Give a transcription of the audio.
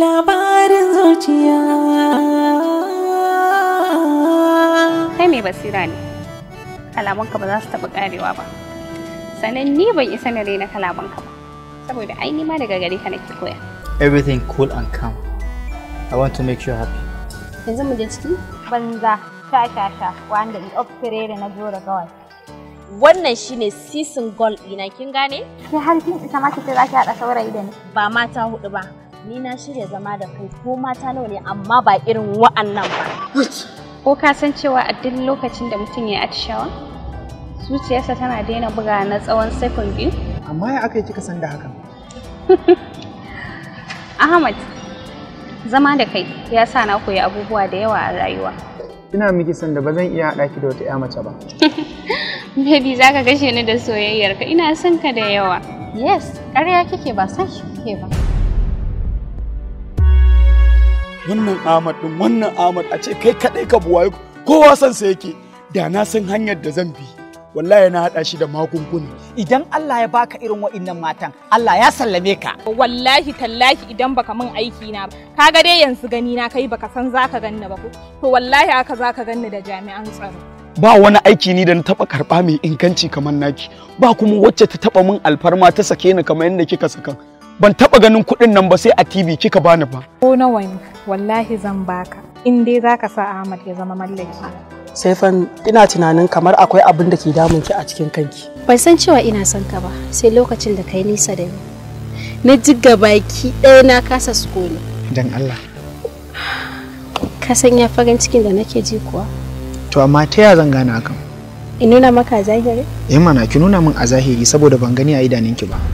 labarin zuciya kai mai basira ne kalamanka ba za su taɓa ƙarewa ba sannan ni ban isa na daina kalamanka ba saboda ai ma daga gare ka nake koya everything cool and calm i want to make you happy yanzu mu je ciki banza sha sha sha wanda in upgrade na jora gawai wannan shine sisin gold ɗina kin gane ke har kin isa ma ce za ki haɗa saurayi da ni ba mata huɗu ba ni na shirya zama da kai ko mata nawa ne amma ba irin wa'annan ba ko ka san cewa a duk lokacin da mutum ya atishawa zuciyarsa tana daina buga na tsawon sekon biyu amma ya aka yi kika san da hakan ahmad zama da kai ya sa na koyi abubuwa da yawa a rayuwa ina miki sanda ba zan iya haɗa ki da wata 'ya mace ba baby za ka gashe ni da soyayyarka ina son ka da yawa yes ƙarya kike ba san shi kike ba wannan Ahmad din wannan Ahmad a ce kai kadai ka buwaye kowa san sa yake da na san hanyar da zan bi wallahi na hada shi da magunguna idan Allah ya baka irin wa'innan matan Allah ya sallame ka wallahi tallahi idan baka min aiki na ka ga dai yanzu gani na kai baka san zaka ganni ba ko to wallahi haka zaka ganni da jami'an tsaro ba wani aiki ni da na taba karba mai inganci kamar naki ba kuma wacce ta taba min alfarma ta sake ni kamar yadda kika saka ban taba ganin kuɗin nan ba sai a TV kika bani ba. Ko nawa ne wallahi zan baka in dai zaka sa Ahmad ya zama mallaki. Sai fan ina tunanin kamar akwai abin da ke damun ki a cikin kanki. Ban san cewa ina son ka ba sai lokacin da kai nisa da ni. Na jigga baki ɗaya na kasa sukuni. Dan Allah. Ka ya farin cikin da nake ji kuwa. To amma ta ya zan gane hakan? In nuna maka a zahiri? Eh mana ki nuna min a zahiri saboda ban gani a idanunki ba.